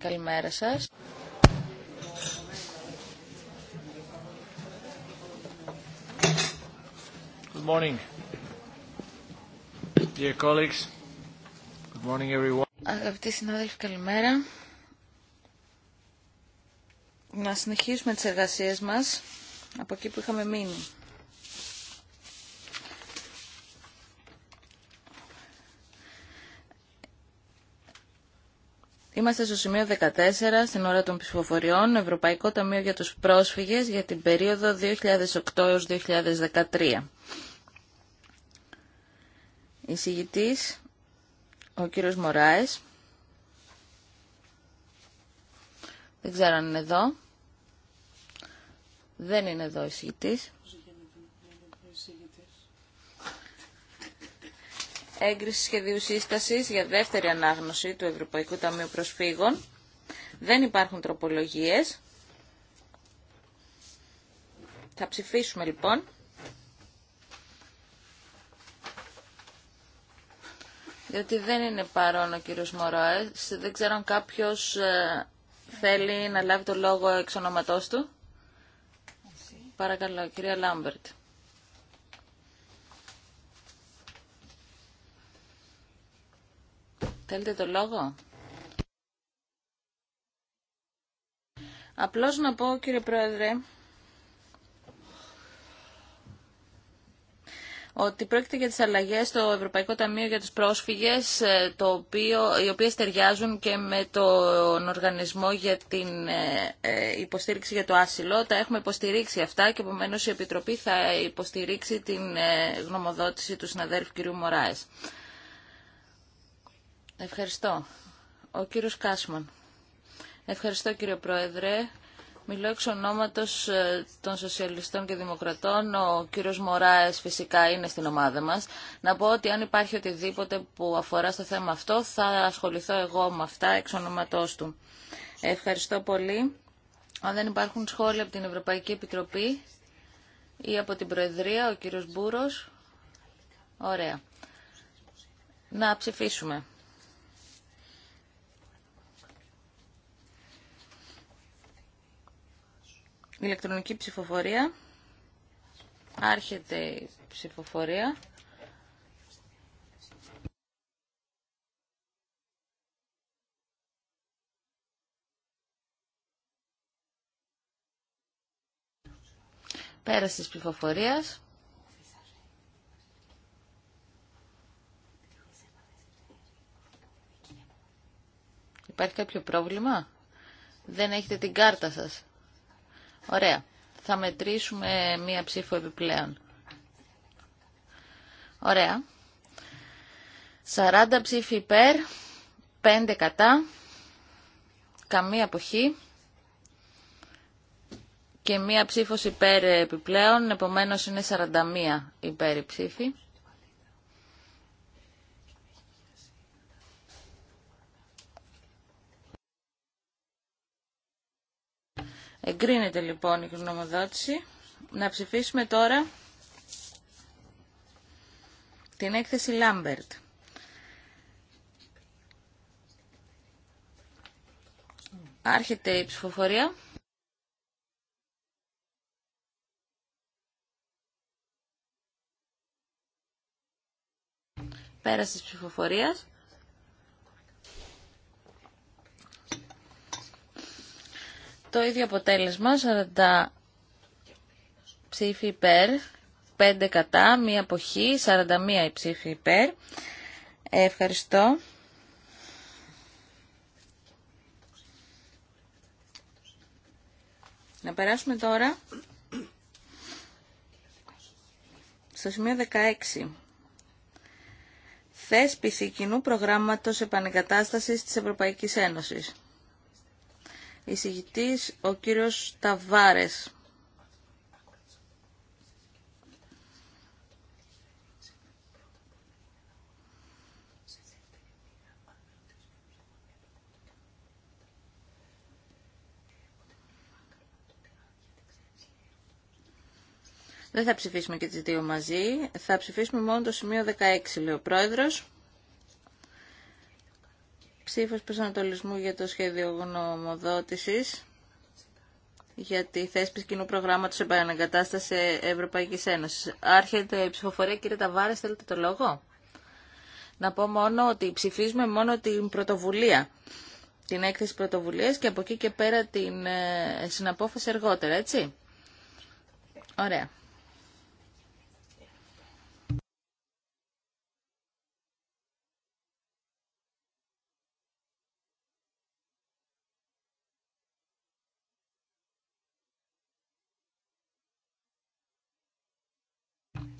Καλημέρα σας. Good morning. Dear colleagues. Good morning everyone. Αγαπητοί συνάδελφοι, καλημέρα. Να συνεχίσουμε τις εργασίες μας από εκεί που είχαμε μείνει. Είμαστε στο σημείο 14, στην ώρα των ψηφοφοριών, Ευρωπαϊκό Ταμείο για τους Πρόσφυγες για την περίοδο 2008 έως 2013. Εισηγητής, ο κύριος Μωράες, Δεν ξέρω αν είναι εδώ. Δεν είναι εδώ εισηγητής. έγκριση σχεδίου σύσταση για δεύτερη ανάγνωση του Ευρωπαϊκού Ταμείου Προσφύγων. Δεν υπάρχουν τροπολογίες. Θα ψηφίσουμε λοιπόν. γιατί δεν είναι παρόν ο κύριος Δεν ξέρω αν κάποιος ε, θέλει να λάβει το λόγο εξ ονοματός του. Παρακαλώ, κυρία Λάμπερτ. Θέλετε το λόγο. Απλώς να πω, κύριε Πρόεδρε, ότι πρόκειται για τις αλλαγές στο Ευρωπαϊκό Ταμείο για τους πρόσφυγες, ε, το οποίο, οι οποίες ταιριάζουν και με τον Οργανισμό για την ε, ε, Υποστήριξη για το Άσυλο. Τα έχουμε υποστηρίξει αυτά και επομένω η Επιτροπή θα υποστηρίξει την γνωμοδότηση του συναδέλφου κυρίου Μωράες. Ευχαριστώ. Ο κύριος Κάσμαν. Ευχαριστώ κύριε Πρόεδρε. Μιλώ εξ ονόματος ε, των Σοσιαλιστών και Δημοκρατών. Ο κύριος Μωράες φυσικά είναι στην ομάδα μας. Να πω ότι αν υπάρχει οτιδήποτε που αφορά στο θέμα αυτό θα ασχοληθώ εγώ με αυτά εξ ονόματός του. Ευχαριστώ πολύ. Αν δεν υπάρχουν σχόλια από την Ευρωπαϊκή Επιτροπή ή από την Προεδρία, ο κύριος Μπούρος. Ωραία. Να ψηφίσουμε. ηλεκτρονική ψηφοφορία. Άρχεται η ψηφοφορία. Πέραση της ψηφοφορίας. Υπάρχει κάποιο πρόβλημα. Δεν έχετε την κάρτα σας. Ωραία. Θα μετρήσουμε μία ψήφο επιπλέον. Ωραία. 40 ψήφοι υπέρ, 5 κατά, καμία αποχή και μία ψήφος υπέρ επιπλέον, επομένως είναι 41 υπέρ η ψήφοι. Εγκρίνεται λοιπόν η γνωμοδότηση. Να ψηφίσουμε τώρα την έκθεση Λάμπερτ. Άρχεται η ψηφοφορία. Πέραση ψηφοφορίας. Το ίδιο αποτέλεσμα, 40 ψήφοι υπέρ, 5 κατά, μία αποχή, 41 ή ψήφοι υπέρ. Ε, ευχαριστώ. Να περάσουμε τώρα στο σημείο 16. Θέσπιση κοινού προγράμματος επανεγκατάστασης της Ευρωπαϊκής Ένωσης. Εισηγητής ο κύριος Ταβάρες. Δεν θα ψηφίσουμε και τις δύο μαζί, θα ψηφίσουμε μόνο το σημείο 16, λέει ο Πρόεδρος ψήφος προσανατολισμού για το σχέδιο γνωμοδότησης για τη θέσπιση κοινού προγράμματος επαναγκατάσταση Ευρωπαϊκής Ένωσης. Άρχεται η ψηφοφορία, κύριε Ταβάρες, θέλετε το λόγο. Να πω μόνο ότι ψηφίζουμε μόνο την πρωτοβουλία, την έκθεση πρωτοβουλίας και από εκεί και πέρα την ε, συναπόφαση εργότερα, έτσι. Ωραία.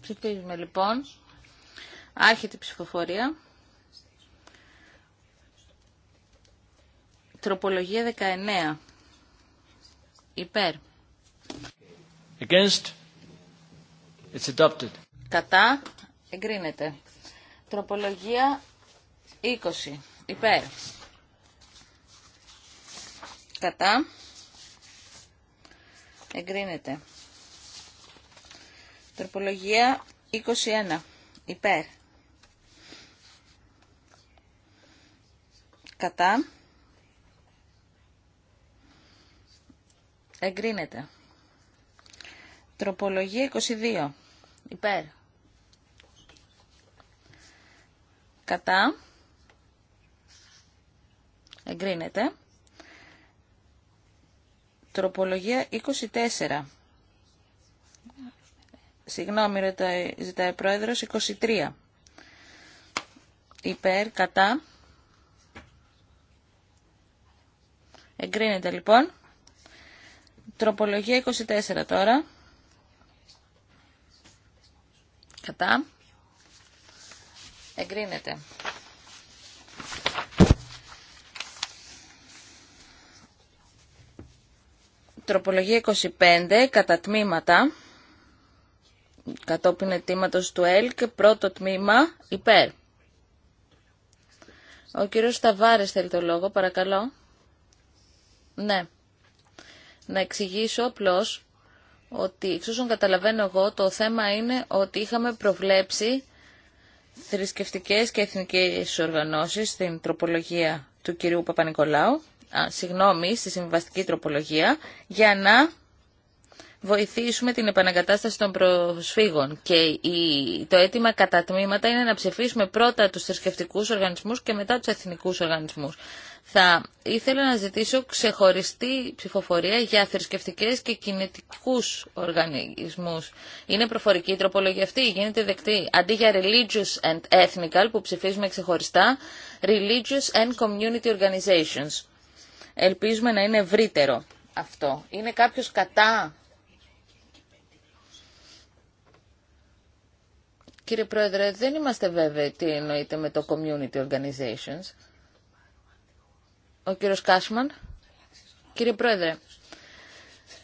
Ψηφίζουμε λοιπόν. Άρχεται η ψηφοφορία. Τροπολογία 19. Υπέρ. Against. It's adopted. Κατά. Εγκρίνεται. Τροπολογία 20. Υπέρ. Κατά. Εγκρίνεται. Τροπολογία 21. Υπέρ. Κατά. Εγκρίνεται. Τροπολογία 22. Υπέρ. Κατά. Εγκρίνεται. Τροπολογία 24. Συγγνώμη, ζητάει ζητάει πρόεδρος, 23. Υπέρ, κατά. Εγκρίνεται λοιπόν. Τροπολογία 24 τώρα. Κατά. Εγκρίνεται. Τροπολογία 25, κατά τμήματα κατόπιν αιτήματος του και πρώτο τμήμα, υπέρ. Ο κύριος Σταβάρης θέλει το λόγο, παρακαλώ. Ναι. Να εξηγήσω απλώς ότι, εξ όσων καταλαβαίνω εγώ, το θέμα είναι ότι είχαμε προβλέψει θρησκευτικές και εθνικές οργανώσεις στην τροπολογία του κυρίου Παπα-Νικολάου, συγγνώμη, στη συμβαστική τροπολογία, για να βοηθήσουμε την επαναγκατάσταση των προσφύγων. Και το αίτημα κατά τμήματα είναι να ψηφίσουμε πρώτα τους θρησκευτικού οργανισμούς και μετά τους εθνικούς οργανισμούς. Θα ήθελα να ζητήσω ξεχωριστή ψηφοφορία για θρησκευτικέ και κινητικού οργανισμού. Είναι προφορική η τροπολογία αυτή, γίνεται δεκτή. Αντί για religious and ethnical που ψηφίζουμε ξεχωριστά, religious and community organizations. Ελπίζουμε να είναι ευρύτερο αυτό. Είναι κάποιο κατά κύριε Πρόεδρε, δεν είμαστε βέβαιοι τι εννοείται με το community organizations. Ο κύριος Κάσμαν. Κύριε Πρόεδρε,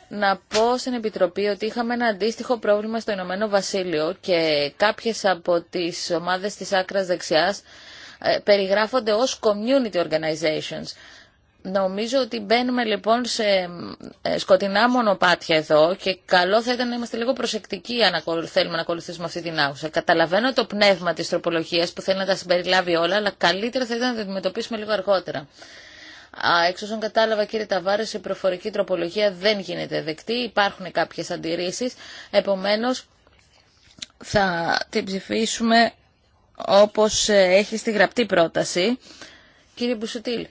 να πω στην Επιτροπή ότι είχαμε ένα αντίστοιχο πρόβλημα στο Ηνωμένο Βασίλειο και κάποιες από τις ομάδες της άκρας δεξιάς ε, περιγράφονται ως community organizations. Νομίζω ότι μπαίνουμε λοιπόν σε ε, σκοτεινά μονοπάτια εδώ και καλό θα ήταν να είμαστε λίγο προσεκτικοί αν θέλουμε να ακολουθήσουμε αυτή την άγουσα. Καταλαβαίνω το πνεύμα της τροπολογίας που θέλει να τα συμπεριλάβει όλα, αλλά καλύτερα θα ήταν να τα αντιμετωπίσουμε λίγο αργότερα. Εξ όσων κατάλαβα κύριε Ταβάρη, η προφορική τροπολογία δεν γίνεται δεκτή, υπάρχουν κάποιες αντιρρήσεις, επομένως θα την ψηφίσουμε όπως ε, έχει στη γραπτή πρόταση. Κύριε Μπουσουτήλ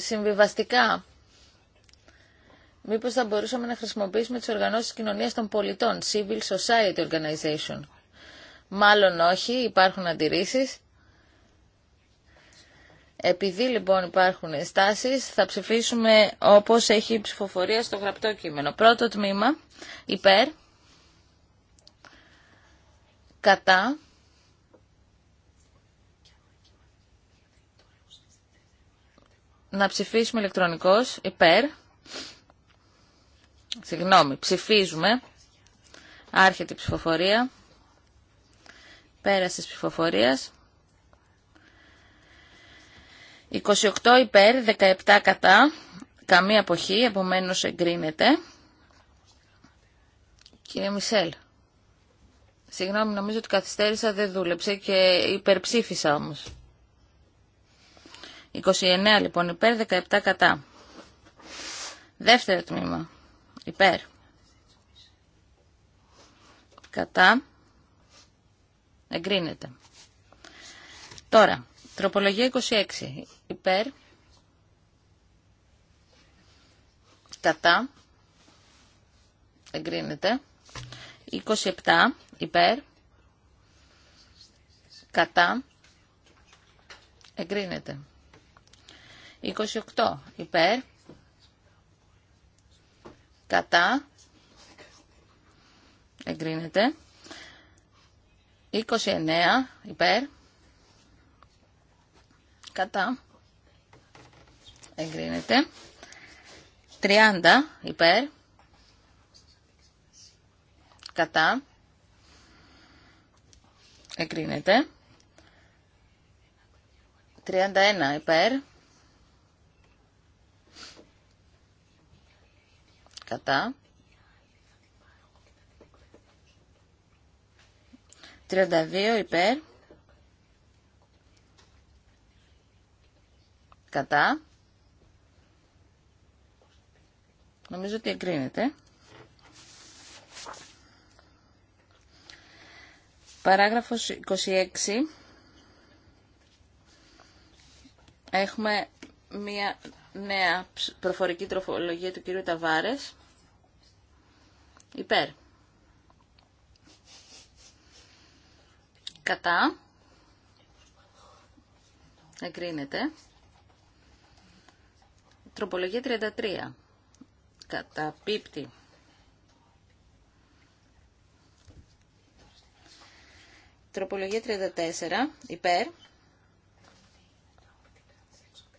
συμβιβαστικά. Μήπως θα μπορούσαμε να χρησιμοποιήσουμε τις οργανώσεις κοινωνίας των πολιτών, Civil Society Organization. Μάλλον όχι, υπάρχουν αντιρρήσεις. Επειδή λοιπόν υπάρχουν στάσει, θα ψηφίσουμε όπως έχει η ψηφοφορία στο γραπτό κείμενο. Πρώτο τμήμα, υπέρ, κατά, να ψηφίσουμε ηλεκτρονικώς υπέρ. Συγγνώμη, ψηφίζουμε. Άρχεται η ψηφοφορία. Πέρασε της ψηφοφορίας. 28 υπέρ, 17 κατά, καμία αποχή, επομένως εγκρίνεται. Κύριε Μισελ, συγγνώμη, νομίζω ότι καθυστέρησα, δεν δούλεψε και υπερψήφισα όμως. 29 λοιπόν υπέρ, 17 κατά. Δεύτερο τμήμα. Υπέρ. Κατά. Εγκρίνεται. Τώρα, τροπολογία 26. Υπέρ. Κατά. Εγκρίνεται. 27. Υπέρ. Κατά. Εγκρίνεται. 28 υπέρ, κατά, εγκρίνεται, 29 υπέρ, κατά, εγκρίνεται, 30 υπέρ, κατά, εγκρίνεται, 31 υπέρ, κατά. 32 υπέρ. Κατά. Νομίζω ότι εγκρίνεται. Παράγραφος 26. Έχουμε μία νέα προφορική τροφολογία του κύριου Ταβάρες. Υπέρ. Κατά. Εγκρίνεται. Τροπολογία 33. Κατά πίπτη. Τροπολογία 34. Υπέρ.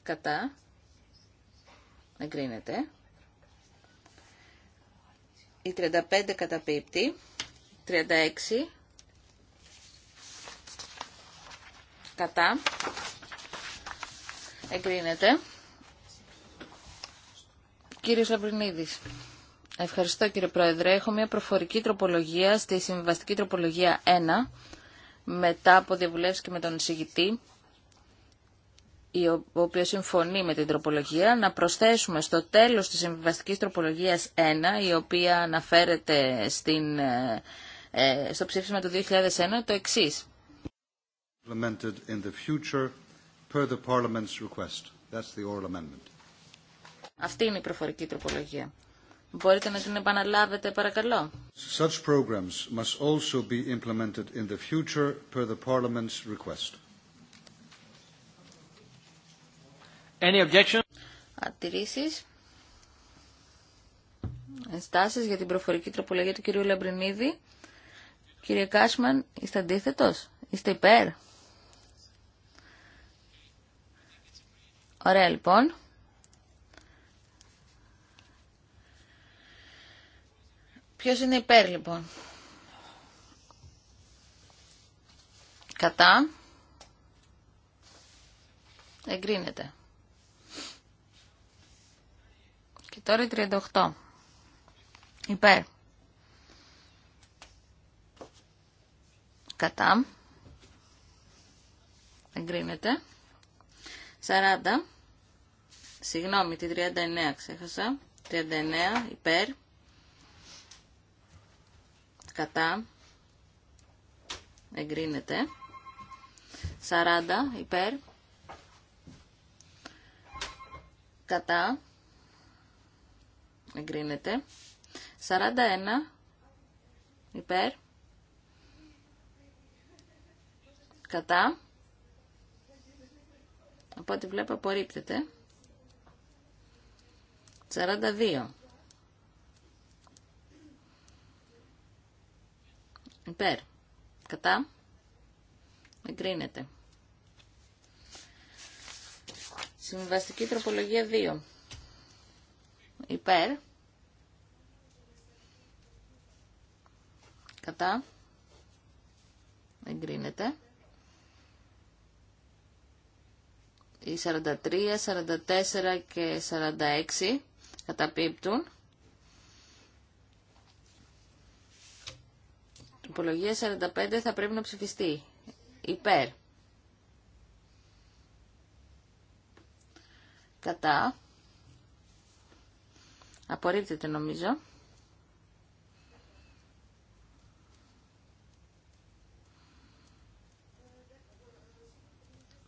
Κατά εγκρίνεται. Η 35 καταπίπτει. 36 κατά εγκρίνεται. Κύριος Λαμπρινίδης. Ευχαριστώ κύριε Πρόεδρε. Έχω μια προφορική τροπολογία στη συμβιβαστική τροπολογία 1 μετά από διαβουλεύσεις και με τον εισηγητή ο οποίος συμφωνεί με την τροπολογία, να προσθέσουμε στο τέλος της συμβιβαστικής τροπολογίας 1, η οποία αναφέρεται στην, ε, ε, στο ψήφισμα του 2001, το εξής. Implemented in the future per the Parliament's request. That's the oral amendment. Αυτή είναι η προφορική τροπολογία. Μπορείτε να την επαναλάβετε παρακαλώ. Such programs must also be implemented in the future per the Parliament's request. Any objection? Αντιρρήσεις. Ενστάσεις για την προφορική τροπολογία του κυρίου Λαμπρινίδη. Κύριε Κάσμαν, είστε αντίθετο? Είστε υπέρ. Ωραία λοιπόν. Ποιος είναι υπέρ λοιπόν. Κατά. Εγκρίνεται. Τώρα 38. Υπέρ. Κατά. Εγκρίνεται. 40. Συγγνώμη, τη 39 ξέχασα. 39 υπέρ. Κατά. Εγκρίνεται. 40 υπέρ. Κατά εγκρίνεται. 41 υπέρ. Κατά. Από ό,τι βλέπω απορρίπτεται. 42. Υπέρ. Κατά. Εγκρίνεται. Συμβαστική τροπολογία 2 υπέρ, κατά, εγκρίνεται. Οι 43, 44 και 46 καταπίπτουν. υπολογία 45 θα πρέπει να ψηφιστεί. Υπέρ. Κατά. Απορρίπτεται νομίζω.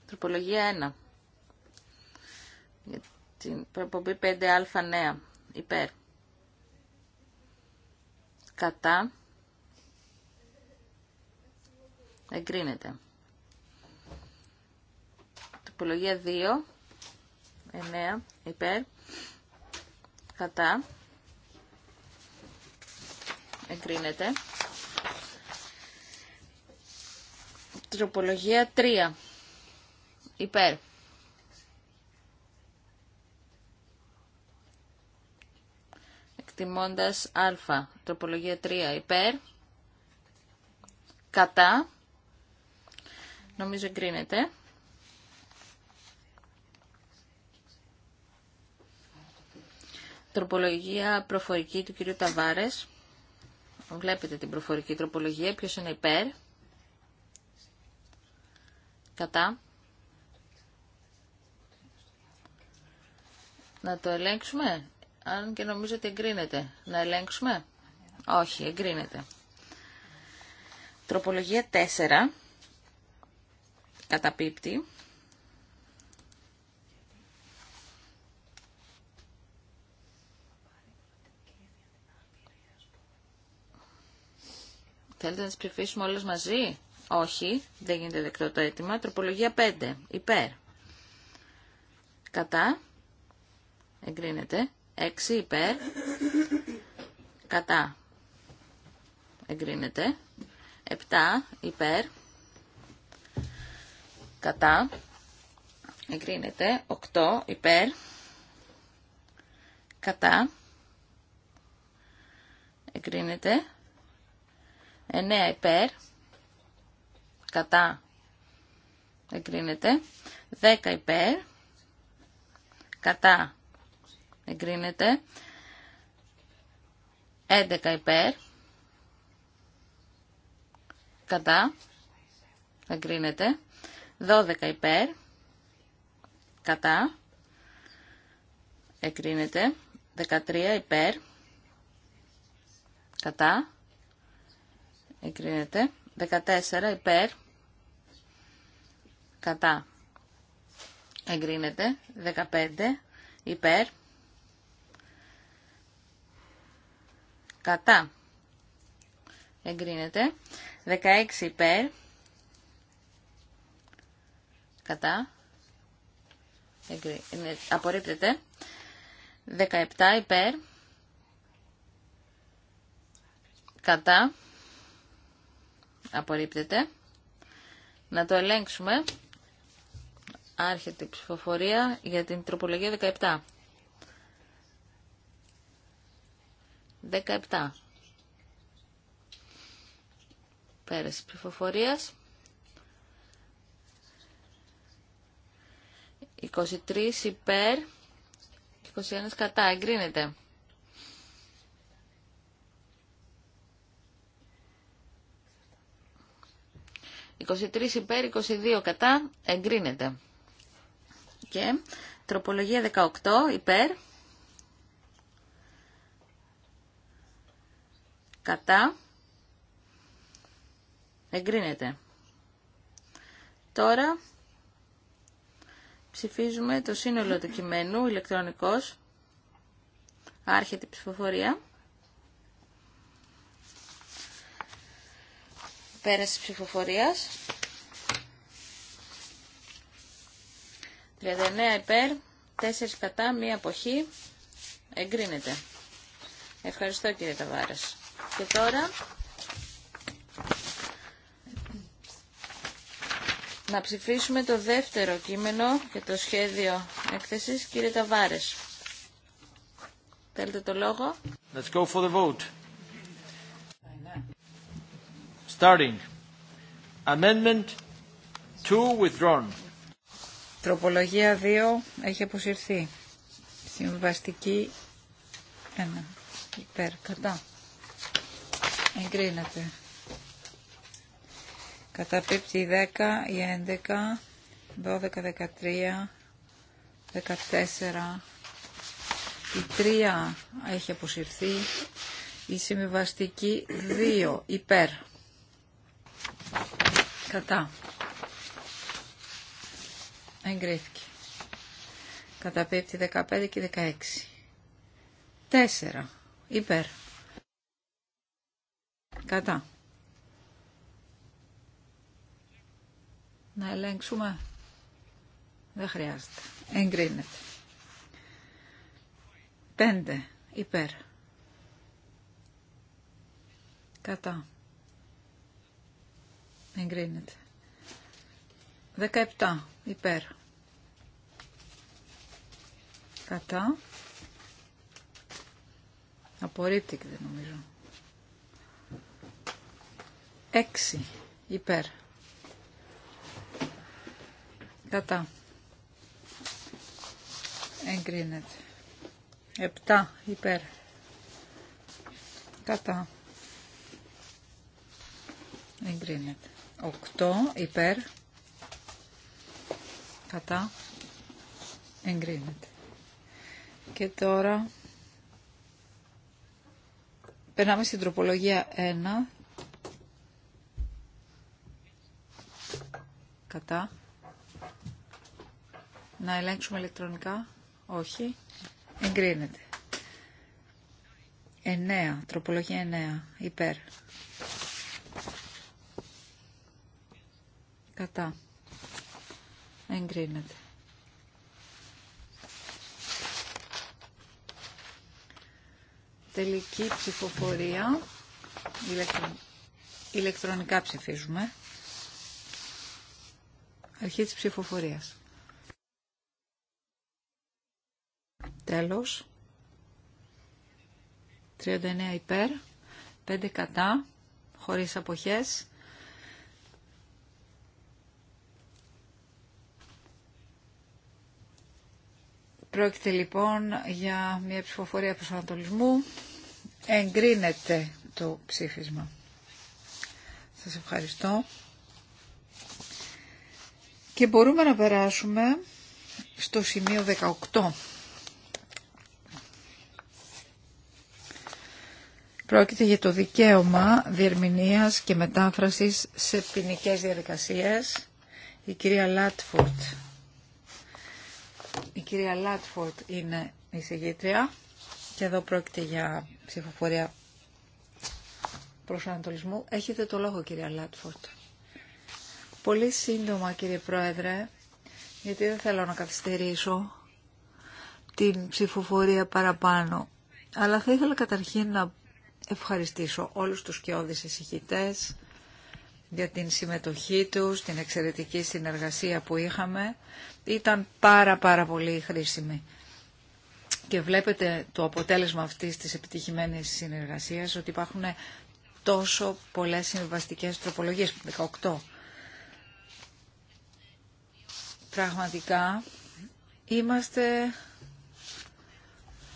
Τροπολογία 1. Για την προπομπή 5α νέα. Υπέρ. Κατά. Εγκρίνεται. Τροπολογία 2. 9. Υπέρ κατά εγκρίνεται τροπολογία 3 υπέρ εκτιμώντας α τροπολογία 3 υπέρ κατά νομίζω εγκρίνεται Τροπολογία προφορική του κυρίου Ταβάρες. Βλέπετε την προφορική τροπολογία. Ποιος είναι υπέρ. Κατά. Να το ελέγξουμε. Αν και νομίζω ότι εγκρίνεται. Να ελέγξουμε. Όχι, εγκρίνεται. Τροπολογία 4. Καταπίπτει. Θέλετε να τι ψηφίσουμε όλε μαζί. Όχι, δεν γίνεται δεκτό το αίτημα. Τροπολογία 5. Υπέρ. Κατά. Εγκρίνεται. 6. Υπέρ. Κατά. Εγκρίνεται. 7. Υπέρ. Κατά. Εγκρίνεται. 8. Υπέρ. Κατά. Εγκρίνεται. 9 υπέρ, κατά, εγκρίνεται. 10 υπέρ, κατά, εγκρίνεται. 11 υπέρ, κατά, εγκρίνεται. 12 υπέρ, κατά, εγκρίνεται. 13 υπέρ, κατά, Εγκρίνεται. 14 υπέρ. Κατά. Εγκρίνεται. 15 υπέρ. Κατά. Εγκρίνεται. 16 υπέρ. Κατά. Εγκρίνεται. Απορρίπτεται. 17 υπέρ. Κατά απορρίπτεται. Να το ελέγξουμε. Άρχεται η ψηφοφορία για την τροπολογία 17. 17. Πέραση ψηφοφορίας. 23 υπέρ, 21 κατά, εγκρίνεται. 23 υπέρ, 22 κατά, εγκρίνεται. Και τροπολογία 18 υπέρ, κατά, εγκρίνεται. Τώρα ψηφίζουμε το σύνολο του κειμένου ηλεκτρονικός. Άρχεται η ψηφοφορία. Πέραση ψηφοφορίας. 39 υπέρ, 4 κατά, μία αποχή. Εγκρίνεται. Ευχαριστώ κύριε Ταβάρας. Και τώρα να ψηφίσουμε το δεύτερο κείμενο και το σχέδιο έκθεσης. Κύριε Ταβάρες, θέλετε το λόγο. Let's go for the vote. Starting. Amendment 2 withdrawn. Τροπολογία 2 έχει αποσυρθεί. Συμβαστική 1. Υπέρ. Κατά. Εγκρίνεται. Καταπίπτει 10, η 11, 12, 13, 14. Η 3 έχει αποσυρθεί. Η συμβιβαστική 2 υπέρ. Κατά. Εγκρίθηκε. Καταπίπτει 15 και 16. 4. Υπέρ. Κατά. Να ελέγξουμε. Δεν χρειάζεται. Εγκρίνεται. 5. Υπέρ. Κατά. Εγκρίνεται. 17. Υπέρ. Κατά. Απορρίπτηκε νομίζω. 6. Υπέρ. Κατά. Εγκρίνεται. 7. Υπέρ. Κατά. Εγκρίνεται. 8 υπέρ κατά εγκρίνεται. Και τώρα περνάμε στην τροπολογία 1 κατά να ελέγξουμε ηλεκτρονικά. Όχι. Εγκρίνεται. 9. Τροπολογία 9. Υπέρ. Κατά. Εγκρίνεται. Τελική ψηφοφορία. Ηλεκτρο... Ηλεκτρονικά ψηφίζουμε. Αρχή της ψηφοφορίας. Τέλος. 39 υπέρ, 5 κατά, χωρίς αποχές. Πρόκειται λοιπόν για μια ψηφοφορία προσανατολισμού. Εγκρίνεται το ψήφισμα. Σας ευχαριστώ. Και μπορούμε να περάσουμε στο σημείο 18. Πρόκειται για το δικαίωμα διερμηνίας και μετάφρασης σε ποινικέ διαδικασίες. Η κυρία Λάτφορτ κυρία Λάτφορτ είναι η συγγήτρια και εδώ πρόκειται για ψηφοφορία προσανατολισμού. Έχετε το λόγο κυρία Λάτφορτ. Πολύ σύντομα κύριε Πρόεδρε, γιατί δεν θέλω να καθυστερήσω την ψηφοφορία παραπάνω. Αλλά θα ήθελα καταρχήν να ευχαριστήσω όλους τους σκιώδεις εισηγητές για την συμμετοχή τους, την εξαιρετική συνεργασία που είχαμε ήταν πάρα πάρα πολύ χρήσιμη. Και βλέπετε το αποτέλεσμα αυτής της επιτυχημένης συνεργασίας ότι υπάρχουν τόσο πολλές συμβαστικές τροπολογίες, 18. Πραγματικά είμαστε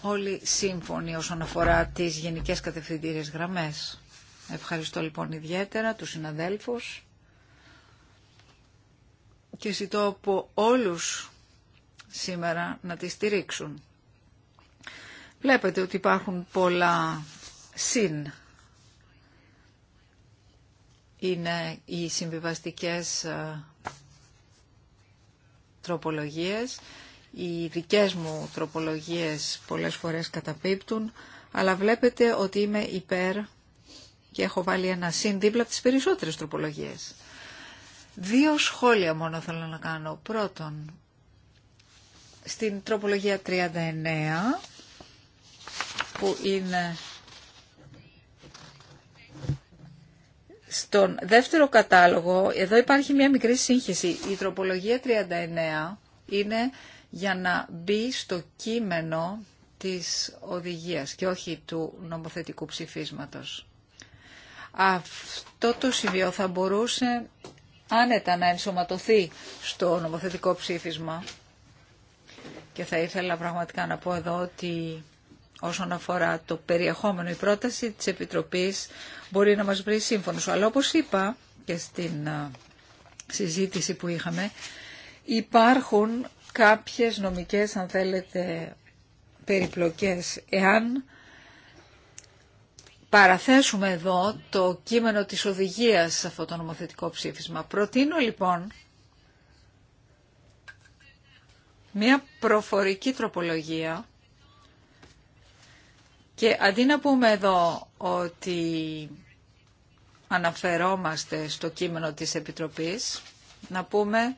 όλοι σύμφωνοι όσον αφορά τις γενικές κατευθυντήριες γραμμές. Ευχαριστώ λοιπόν ιδιαίτερα τους συναδέλφους και ζητώ από όλους σήμερα να τη στηρίξουν. Βλέπετε ότι υπάρχουν πολλά συν. Είναι οι συμβιβαστικές ε, τροπολογίες. Οι δικές μου τροπολογίες πολλές φορές καταπίπτουν, αλλά βλέπετε ότι είμαι υπέρ και έχω βάλει ένα συν δίπλα από τις περισσότερες τροπολογίες. Δύο σχόλια μόνο θέλω να κάνω. Πρώτον, στην τροπολογία 39 που είναι στον δεύτερο κατάλογο, εδώ υπάρχει μια μικρή σύγχυση. Η τροπολογία 39 είναι για να μπει στο κείμενο της οδηγίας και όχι του νομοθετικού ψηφίσματος. Αυτό το σημείο θα μπορούσε άνετα να ενσωματωθεί στο νομοθετικό ψήφισμα. Και θα ήθελα πραγματικά να πω εδώ ότι όσον αφορά το περιεχόμενο, η πρόταση της Επιτροπής μπορεί να μας βρει σύμφωνος. Αλλά όπως είπα και στην συζήτηση που είχαμε, υπάρχουν κάποιες νομικές, αν θέλετε, περιπλοκές. Εάν παραθέσουμε εδώ το κείμενο της οδηγίας σε αυτό το νομοθετικό ψήφισμα. Προτείνω λοιπόν μια προφορική τροπολογία και αντί να πούμε εδώ ότι αναφερόμαστε στο κείμενο της Επιτροπής, να πούμε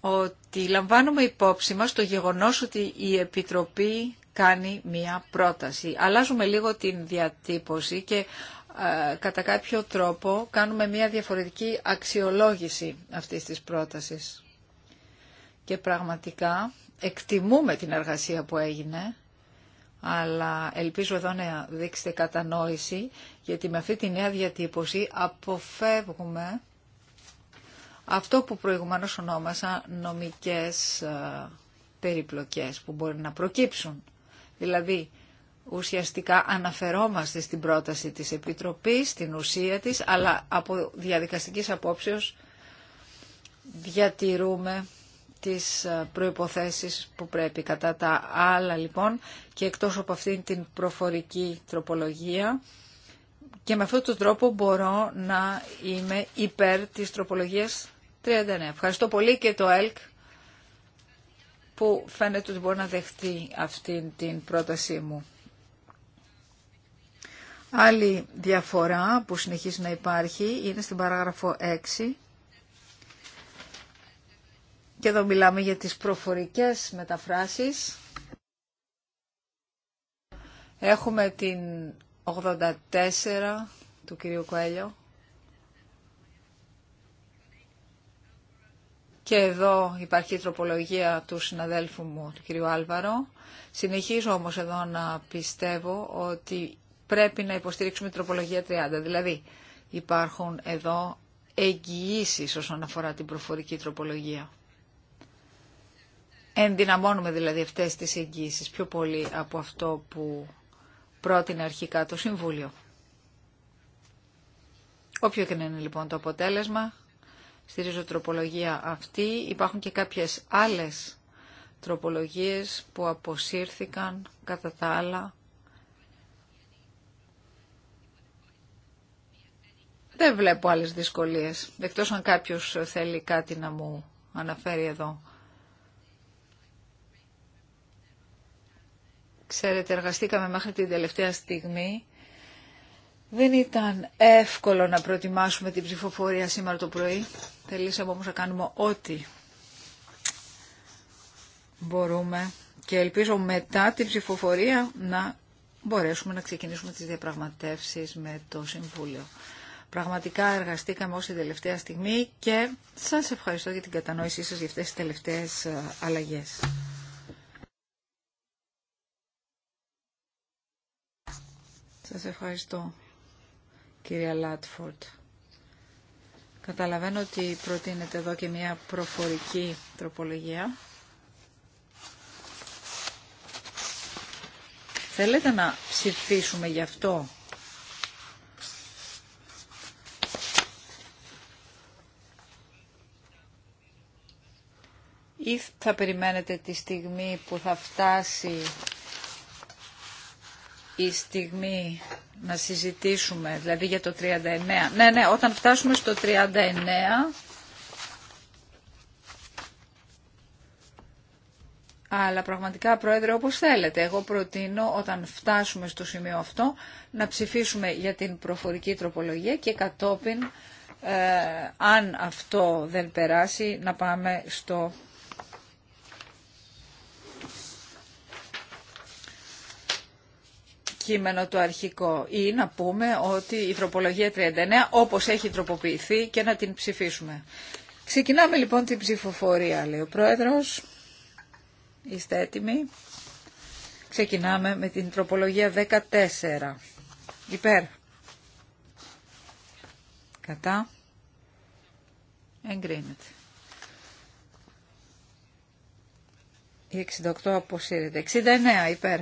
ότι λαμβάνουμε υπόψη μας το γεγονός ότι η Επιτροπή κάνει μία πρόταση. Αλλάζουμε λίγο την διατύπωση και ε, κατά κάποιο τρόπο κάνουμε μία διαφορετική αξιολόγηση αυτής της πρότασης. Και πραγματικά εκτιμούμε την εργασία που έγινε, αλλά ελπίζω εδώ να δείξετε κατανόηση, γιατί με αυτή τη νέα διατύπωση αποφεύγουμε αυτό που προηγουμένως ονόμασα νομικές ε, περιπλοκές που μπορεί να προκύψουν. Δηλαδή, ουσιαστικά αναφερόμαστε στην πρόταση της Επιτροπής, στην ουσία της, αλλά από διαδικαστικής απόψεως διατηρούμε τις ε, προϋποθέσεις που πρέπει κατά τα άλλα λοιπόν και εκτός από αυτήν την προφορική τροπολογία και με αυτόν τον τρόπο μπορώ να είμαι υπέρ της τροπολογίας 39. Ευχαριστώ πολύ και το ΕΛΚ που φαίνεται ότι μπορεί να δεχτεί αυτή την πρότασή μου. Άλλη διαφορά που συνεχίζει να υπάρχει είναι στην παράγραφο 6 και εδώ μιλάμε για τις προφορικές μεταφράσεις. Έχουμε την 84 του κυρίου Κοέλιο Και εδώ υπάρχει η τροπολογία του συναδέλφου μου, του κυρίου Άλβαρο. Συνεχίζω όμως εδώ να πιστεύω ότι πρέπει να υποστηρίξουμε την τροπολογία 30. Δηλαδή υπάρχουν εδώ εγγυήσει όσον αφορά την προφορική τροπολογία. Ενδυναμώνουμε δηλαδή αυτές τις εγγύησεις πιο πολύ από αυτό που πρότεινε αρχικά το Συμβούλιο. Όποιο και να είναι λοιπόν το αποτέλεσμα, στηρίζω τροπολογία αυτή. Υπάρχουν και κάποιες άλλες τροπολογίες που αποσύρθηκαν κατά τα άλλα. Δεν βλέπω άλλες δυσκολίες, εκτός αν κάποιος θέλει κάτι να μου αναφέρει εδώ. Ξέρετε, εργαστήκαμε μέχρι την τελευταία στιγμή δεν ήταν εύκολο να προετοιμάσουμε την ψηφοφορία σήμερα το πρωί. Θελήσαμε όμως να κάνουμε ό,τι μπορούμε και ελπίζω μετά την ψηφοφορία να μπορέσουμε να ξεκινήσουμε τις διαπραγματεύσεις με το Συμβούλιο. Πραγματικά εργαστήκαμε ως τελευταία στιγμή και σας ευχαριστώ για την κατανόησή σας για αυτές τις τελευταίες ε, αλλαγές. Σας ευχαριστώ κυρία Λάτφορτ. Καταλαβαίνω ότι προτείνεται εδώ και μια προφορική τροπολογία. Θέλετε να ψηφίσουμε γι' αυτό. Ή θα περιμένετε τη στιγμή που θα φτάσει η στιγμή να συζητήσουμε, δηλαδή για το 39. Ναι, ναι, όταν φτάσουμε στο 39... Αλλά πραγματικά, Πρόεδρε, όπως θέλετε, εγώ προτείνω όταν φτάσουμε στο σημείο αυτό να ψηφίσουμε για την προφορική τροπολογία και κατόπιν, ε, αν αυτό δεν περάσει, να πάμε στο κείμενο το αρχικό ή να πούμε ότι η τροπολογία 39 όπως έχει τροποποιηθεί και να την ψηφίσουμε. Ξεκινάμε λοιπόν την ψηφοφορία, λέει ο Πρόεδρος. Είστε έτοιμοι. Ξεκινάμε με την τροπολογία 14. Υπέρ. Κατά. Εγκρίνεται. Η 68 αποσύρεται. 69 υπέρ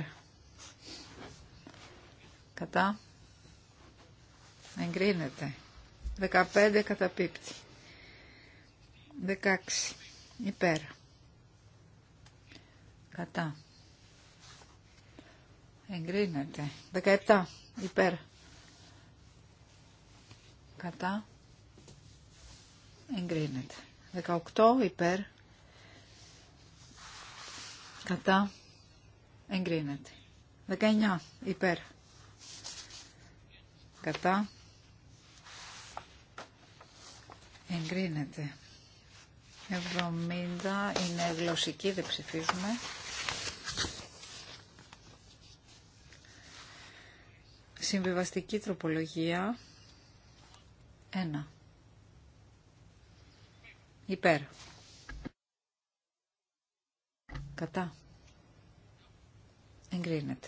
κατά εγκρίνεται 15 καταπίπτει 16 υπέρ κατά εγκρίνεται 17 υπέρ κατά εγκρίνεται 18 υπέρ κατά εγκρίνεται 19 υπέρ κατά εγκρίνεται 70 είναι γλωσσική δεν ψηφίζουμε συμβιβαστική τροπολογία 1 υπέρ κατά εγκρίνεται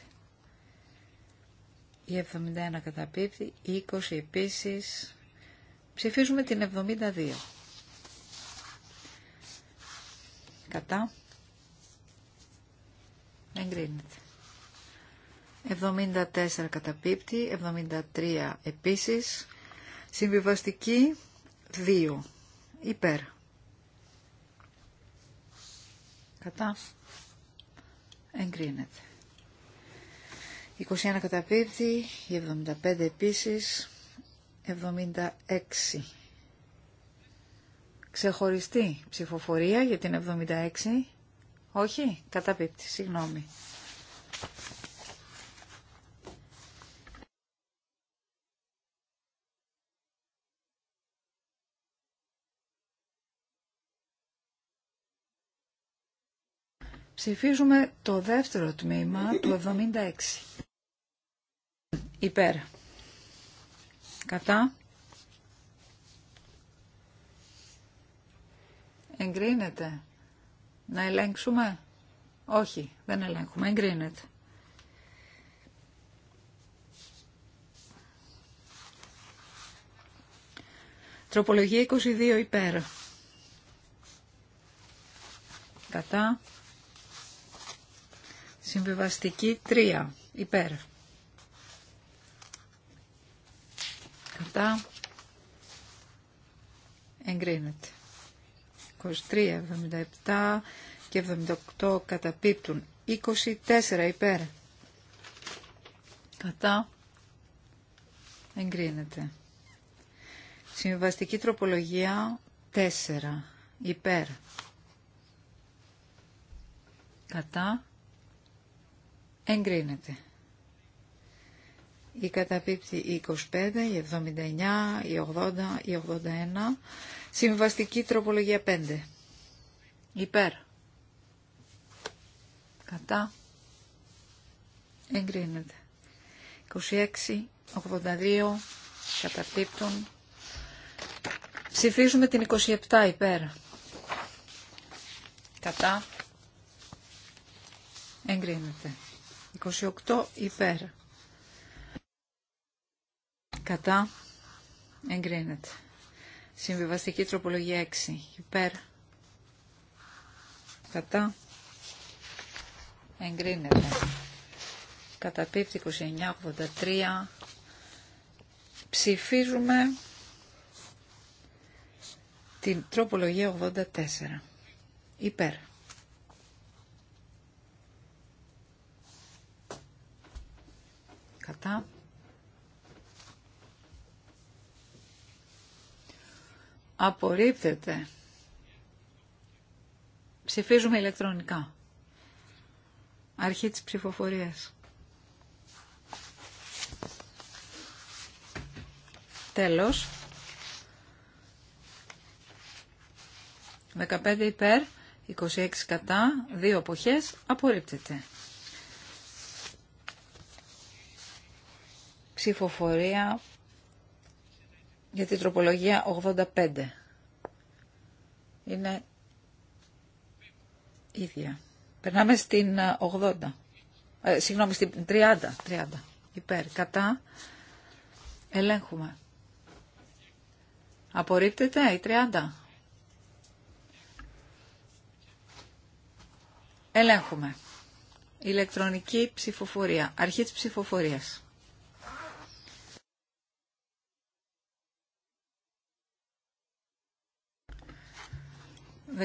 η 71 καταπίπτει, η 20 επίσης. Ψηφίζουμε την 72. Κατά. Εγκρίνεται. 74 καταπίπτει, 73 επίσης. Συμβιβαστική 2. Υπέρ. Κατά. Εγκρίνεται. 21 καταπίπτει, 75 επίσης, 76. Ξεχωριστή ψηφοφορία για την 76. Όχι, καταπίπτει, συγγνώμη. Ψηφίζουμε το δεύτερο τμήμα του 76 υπέρ κατά εγκρίνεται να ελέγξουμε όχι δεν ελέγχουμε εγκρίνεται Τροπολογία 22 υπέρ. Κατά. Συμβιβαστική 3 υπέρ. Κατά. Εγκρίνεται. 23, 77 και 78 καταπίπτουν. 24 υπέρ. Κατά. Εγκρίνεται. Συμβαστική τροπολογία 4 υπέρ. Κατά. Εγκρίνεται η καταπίπτει η 25, η 79, η 80, η 81. Συμβαστική τροπολογία 5. Υπέρ. Κατά. Εγκρίνεται. 26, 82, καταπίπτουν. Ψηφίζουμε την 27 υπέρ. Κατά. Εγκρίνεται. 28 υπέρ. Κατά. Εγκρίνεται. Συμβιβαστική τροπολογία 6. Υπέρ. Κατά. Εγκρίνεται. Καταπίπτει 2983. Ψηφίζουμε την τροπολογία 84. Υπέρ. Κατά. Απορρίπτεται. Ψηφίζουμε ηλεκτρονικά. Αρχή της ψηφοφορίας. Τέλος. 15 υπέρ, 26 κατά, 2 αποχές, απορρίπτεται. Ψηφοφορία για την τροπολογία 85. Είναι ίδια. Περνάμε στην 80. Ε, ε, συγγνώμη, στην 30. 30. Υπέρ. Κατά. Ελέγχουμε. Απορρίπτεται η 30. Ελέγχουμε. Ηλεκτρονική ψηφοφορία. Αρχή της ψηφοφορίας.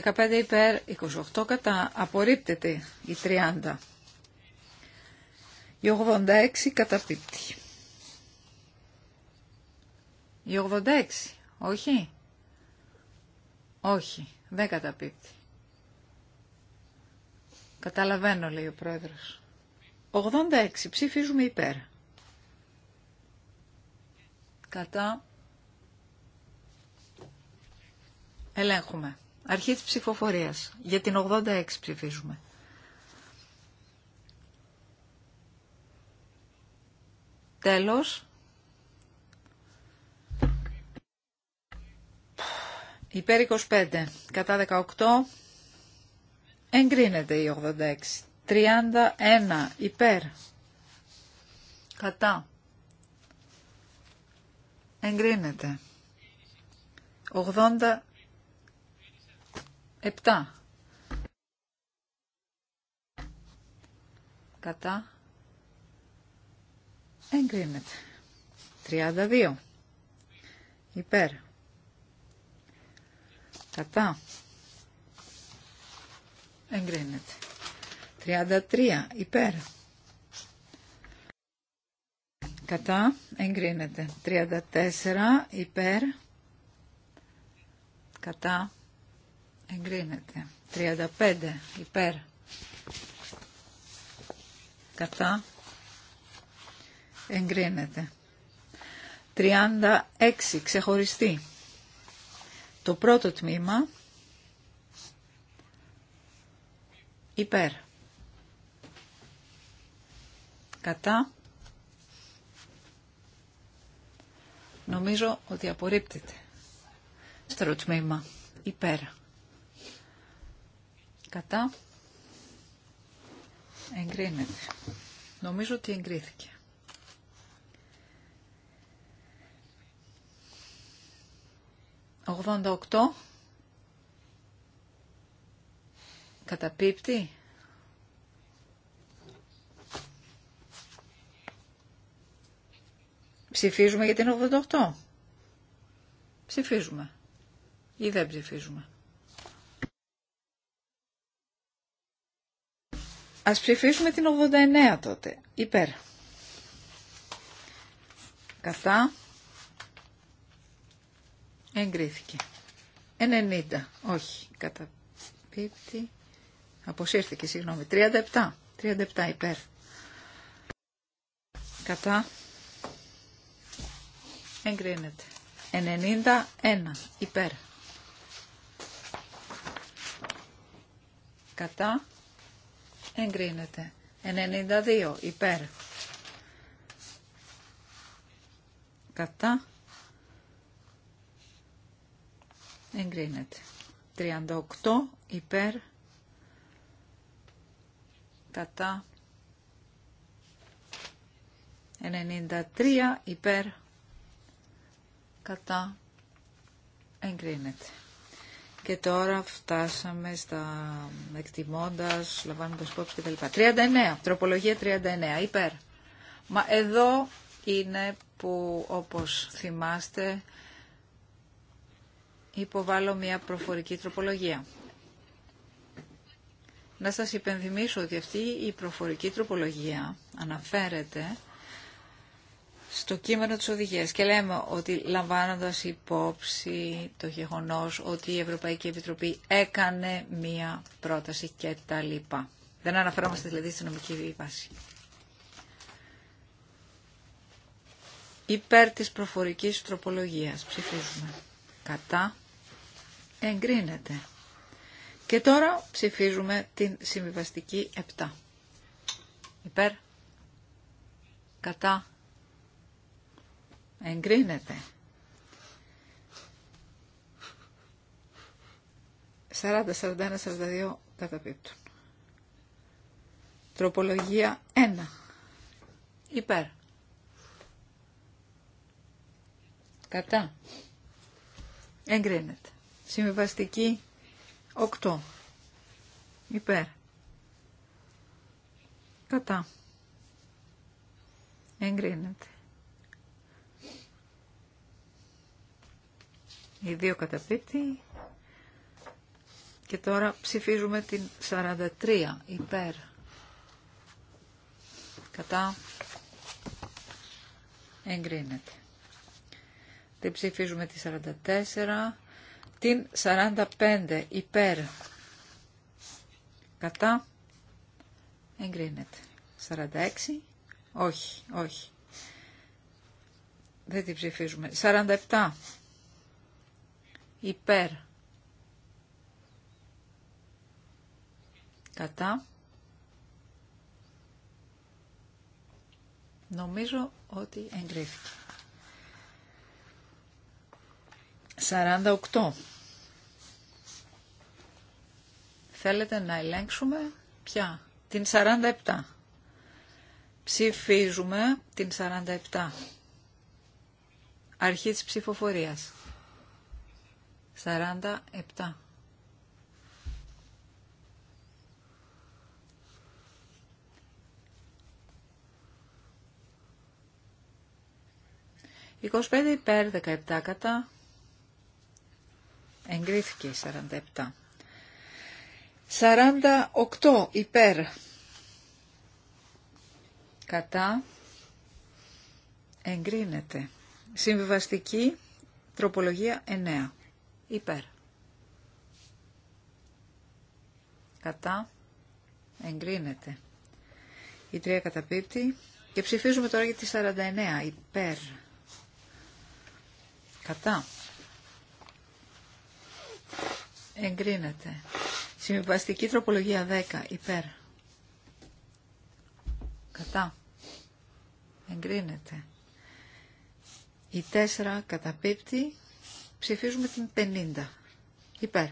15 υπέρ, 28 κατά. Απορρίπτεται η 30. Η 86 καταπίπτει. Η 86, όχι. Όχι, δεν καταπίπτει. Καταλαβαίνω, λέει ο πρόεδρος. 86, ψηφίζουμε υπέρ. Κατά. Ελέγχουμε. Αρχή της ψηφοφορίας. Για την 86 ψηφίζουμε. Τέλος. Υπέρ 25. Κατά 18. Εγκρίνεται η 86. 31. Υπέρ. Κατά. Εγκρίνεται. 86 7. Κατά. Εγκρίνεται. 32. Υπέρ. Κατά. Εγκρίνεται. 33. Υπέρ. Κατά. Εγκρίνεται. 34. Υπέρ. Κατά εγκρίνεται. 35 υπέρ κατά εγκρίνεται. 36 ξεχωριστή. Το πρώτο τμήμα υπέρ κατά νομίζω ότι απορρίπτεται. στο τμήμα υπέρ Κατά. Εγκρίνεται. Νομίζω ότι εγκρίθηκε. Ογδόντα οκτώ. Καταπίπτει. Ψηφίζουμε για την 88. Ψηφίζουμε. Ή δεν ψηφίζουμε. Ας ψηφίσουμε την 89 τότε. Υπέρ. Κατά. Εγκρίθηκε. 90. Όχι. Κατά πίπτη. Αποσύρθηκε, συγγνώμη. 37. 37 υπέρ. Κατά. Εγκρίνεται. 91 υπέρ. Κατά εγκρίνεται. 92 υπέρ. Κατά. Εγκρίνεται. 38 υπέρ. Κατά. 93 υπέρ. Κατά. Εγκρίνεται. Και τώρα φτάσαμε στα εκτιμώντα, λαμβάνοντα υπόψη κτλ. 39, τροπολογία 39, υπέρ. Μα εδώ είναι που όπως θυμάστε υποβάλλω μια προφορική τροπολογία. Να σας υπενθυμίσω ότι αυτή η προφορική τροπολογία αναφέρεται στο κείμενο της οδηγίας και λέμε ότι λαμβάνοντας υπόψη το γεγονός ότι η Ευρωπαϊκή Επιτροπή έκανε μία πρόταση και τα λοιπά. Δεν αναφερόμαστε δηλαδή στη νομική βάση. Υπέρ της προφορικής τροπολογίας ψηφίζουμε. Κατά εγκρίνεται. Και τώρα ψηφίζουμε την συμβιβαστική 7. Υπέρ. Κατά Εγκρίνεται. 40, 41, 42 καταπίπτουν. Τροπολογία 1. Υπέρ. Κατά. Εγκρίνεται. Συμβιβαστική 8. Υπέρ. Κατά. Εγκρίνεται. Οι δύο καταπίπτει. Και τώρα ψηφίζουμε την 43 υπέρ. Κατά. Εγκρίνεται. Δεν ψηφίζουμε τη 44. Την 45 υπέρ. Κατά. Εγκρίνεται. 46. Όχι, όχι. Δεν την ψηφίζουμε. 47 υπέρ κατά νομίζω ότι εγκρίθηκε 48 Θέλετε να ελέγξουμε πια; Την 47. Ψηφίζουμε την 47. Αρχή της ψηφοφορίας. 47. «25 υπέρ 17 κατά». Εγκρίθηκε η 47. 48 υπέρ κατά. Εγκρίνεται. Συμβιβαστική τροπολογία 9 υπέρ. Κατά εγκρίνεται. Η τρία καταπίπτει. Και ψηφίζουμε τώρα για τη 49 υπέρ. Κατά. Εγκρίνεται. Συμβιβαστική τροπολογία 10 υπέρ. Κατά. Εγκρίνεται. Η 4 καταπίπτει. Ψηφίζουμε την 50. Υπέρ.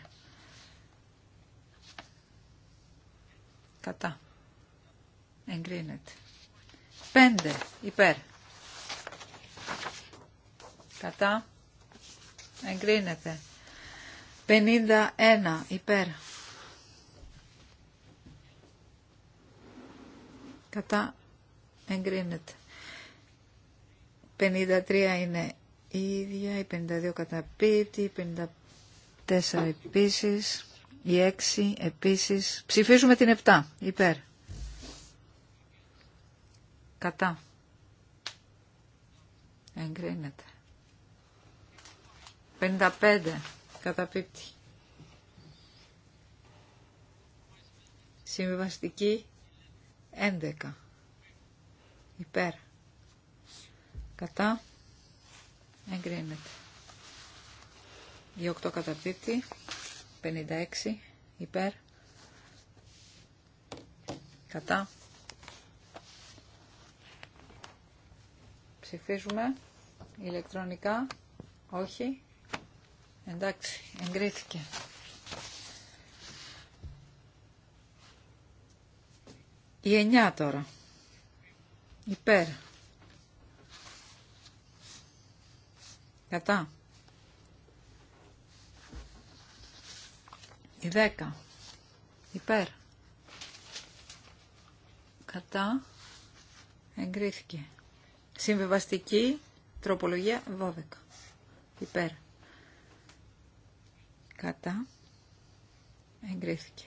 Κατά. Εγκρίνεται. 5. Υπέρ. Κατά. Εγκρίνεται. 51. Υπέρ. Κατά. Εγκρίνεται. 53 είναι ίδια, η 52 καταπίπτει, η 54 επίσης, η 6 επίσης. Ψηφίζουμε την 7, υπέρ. Κατά. Εγκρίνεται. 55 καταπίπτει. Συμβιβαστική 11. Υπέρ. Κατά. Εγκρίνεται. Η 8 καταπίπτει. 56 υπέρ. Κατά. Ψηφίζουμε. Ηλεκτρονικά. Όχι. Εντάξει. Εγκρίθηκε. Η 9 τώρα. Υπέρ. Κατά. Η 10. Υπέρ. Κατά. Εγκρίθηκε. Συμβεβαστική τροπολογία 12. Υπέρ. Κατά. Εγκρίθηκε.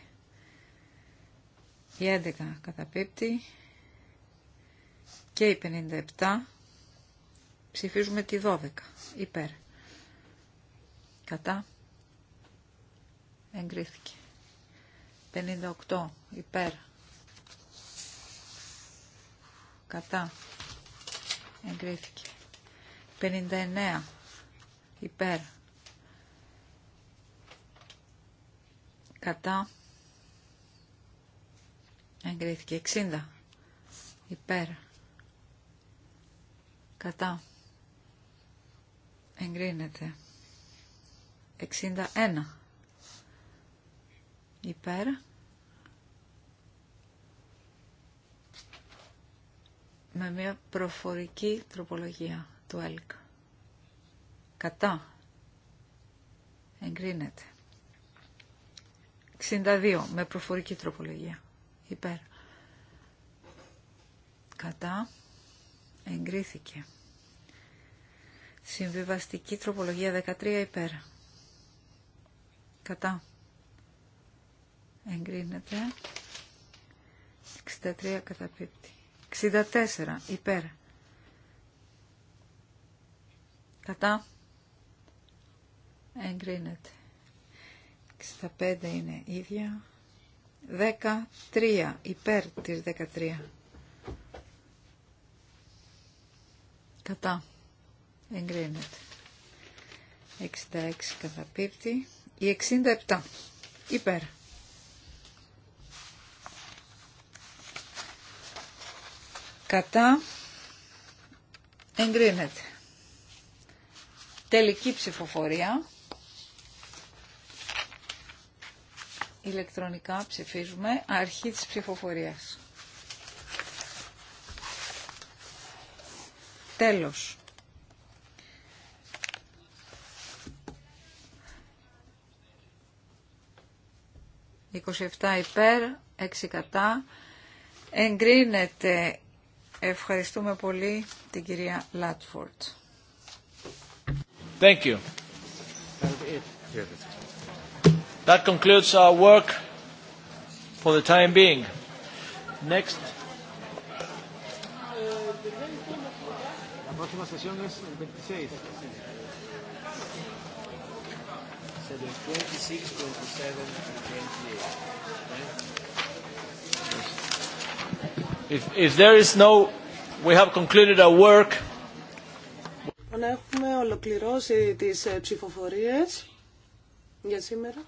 Η 11 καταπίπτει και η 57 Ψηφίζουμε τη 12. Υπέρ. Κατά. Εγκρίθηκε. 58. Υπέρ. Κατά. Εγκρίθηκε. 59. Υπέρ. Κατά. Εγκρίθηκε. 60. Υπέρ. Κατά. Εγκρίνεται. 61. Υπέρ. Με μια προφορική τροπολογία του ΕΛΚ. Κατά. Εγκρίνεται. 62. Με προφορική τροπολογία. Υπέρ. Κατά. Εγκρίθηκε. Συμβιβαστική τροπολογία 13 υπέρ. Κατά. Εγκρίνεται. 63 καταπίπτει. 64 υπέρ. Κατά. Εγκρίνεται. 65 είναι ίδια. 13 υπέρ της 13. Κατά εγκρίνεται. 66 καταπίπτει. Η 67 υπέρ. Κατά εγκρίνεται. Τελική ψηφοφορία. Ηλεκτρονικά ψηφίζουμε αρχή της ψηφοφορίας. Τέλος. 27 υπέρ, 6 κατά. Εγκρίνεται. Ευχαριστούμε πολύ την κυρία Λάτφορτ. Thank you. That concludes our work for the time being. Next. La próxima sesión es el 26. 26, 27, and 28. If, if there is no, we have concluded our work. Λοιπόν, έχουμε ολοκληρώσει τις ε, ψηφοφορίες για σήμερα.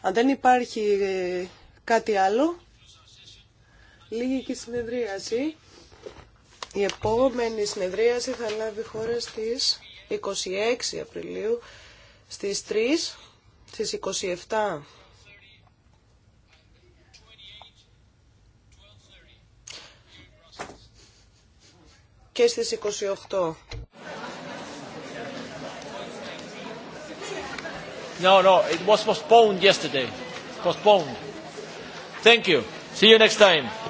Αν δεν υπάρχει ε, κάτι άλλο, λίγη και συνεδρίαση. Η επόμενη συνεδρίαση θα λάβει χώρα στις 26 Απριλίου. Στις 3, στις 27 και στις 28. No, no, it was postponed yesterday. Postponed. Thank you. See you next time.